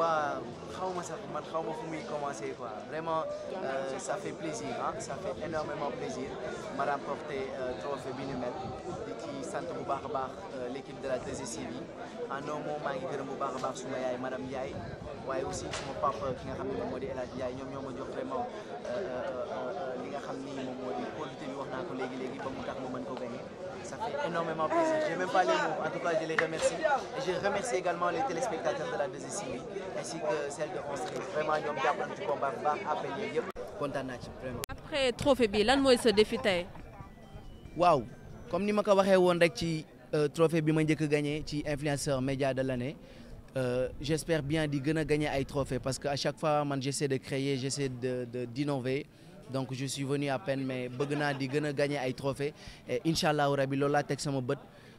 waaw xaw ma sax man xaw ma fu muy commencer quoi vraiment euh, ça fait plaisir ah ça fait énormément plaisir ma remporté euh, trophée bi ñu mel di ci sant bu baax a baax euh, l'équipe de la 2STV en un mot maa ngi gërëm bu baax a baax suma yaay madame Ndiaye waaye aussi suma papa ki nga xam ne moom moo di El Hadj Ndiaye ñoom ñoo ma jox vraiment euh, li nga xam ni moom moo di kóolute bi wax naa ko léegi léegi ba mu tax ma mën ko gagner ça fait énormément Je n'ai même pas En tout cas, je les remercie. Et je remercie également les téléspectateurs de la 2STV que celles de France Vraiment, ñoom jàpp nañu ci combat après trophée bi lan mooy sa défi tey. waaw comme ni ma ko waxee woon rek ci euh, trophée bi ma njëkk a gagné ci influenceur média de l'année Euh, j'espère bien d'y gagner ay trophées parce que à chaque fois man j'essaie de créer j'essaie de d'innover donc je suis venu à peine mais bëgg naa di gën a gagner ay trophées et incha allahu rabi loolu laa teg sama bët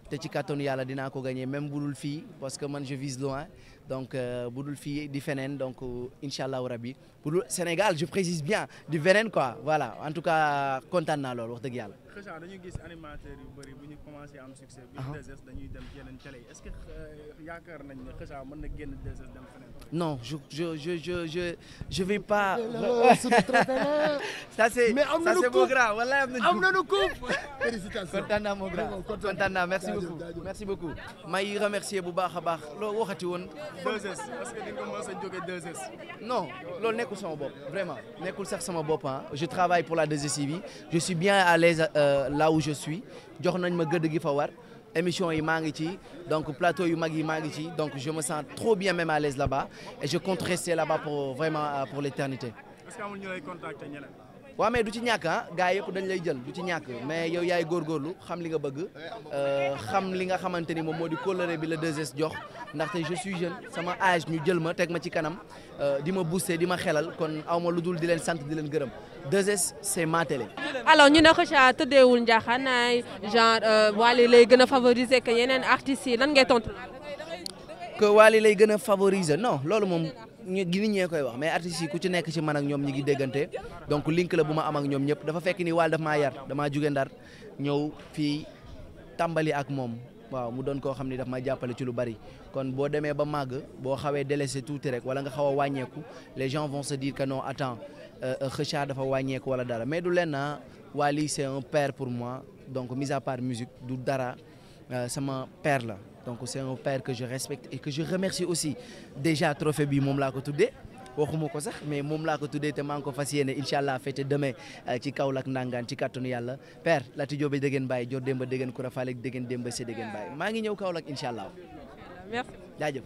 te ci kàttanu yàlla dinaa ko gagner même budul fii parce que man je vise loin donc euh, bu fii di feneen donc euh, incha allahu rabi bu dul Sénégal je précise bien di feneen quoi voilà en tout cas kontaan naa loolu wax dëgg yàlla. xëcc dañuy gis animateurs yu bëri bu ñu commencé am dem yeneen télé yi euh, na génn 2S dem feneen. non je je je je je je vais pas. ça c'est ça c'est beau grand wala am nañu. am nañu coupe. félicitations kontaan naa mon grand kontaan naa merci beaucoup merci remercier bu baax a baax loolu waxati woon. 2S est-ce que sa jóge 2S. non loolu nekkul sama bopp vraiment nekkul sax sama bopp ah je travaille pour la 2STV je suis bien à Euh, là où je suis jox nañ ma gëdd gi fa war émission yi maa ngi ci donc plateau yu mag yi maa ngi ci donc je me sens trop bien même à l'aise là-bas et je compte rester là-bas pour vraiment euh, pour l'éternité. est waaw mais du ci ñàkk ah gars yëpp dañ lay jël du ci ñàkk mais yow yaay góorgóorlu xam li nga bëgg euh, xam li nga xamante ni moom moo di coloré bi la 2 jox ndaxte je jeune sama âge ñu jël ma teg ma ci kanam euh, di ma booster di ma xelal kon aw ma lu dul di leen sant di leen gërëm 2S c'est ma ñu alors ñu ne Kheucha tëddeewul njaaxaanaay genre euh, Wally lay gën a favoriser que yeneen artistes yi lan ngay tontu. que Wally lay gën a favoriser non loolu moom. ñu gi ñee koy wax mais artistes yi ku ci nekk ci man ak ñoom ñi ngi déggante donc link la bu ma am ak ñoom ñëpp dafa fekk ni Wally daf maa yar damaa jóge Ndar ñëw fii tàmbali ak moom waaw mu doon koo xam ni daf ma jàppale ci lu bari kon boo demee ba màgg boo xawee délaissé tuuti rek wala nga xaw a wàññeeku les gens vont se dire que non attends euh, Kheucha dafa wàññeeku wala dara mais du lenn ah, Wally c'est un père pour moi donc mis à part musique du dara euh, sama père la donc c'est un père que je respecte et que je remercie aussi déjà trophée bi moom laa ko tuddee waxuma ko sax mais moom laa ko tuddee te maa ngi ko fas yéene incha allah fête demain euh, ci Kaolack nangaan ci kàttanu yàlla père Lati Diop dégeen bàyyi Dior Demba dégeen Koura faale dégeen Demba Sé dégeen bàyyi maa ngi ñëw Kaolack incha allah. merci jaajëf.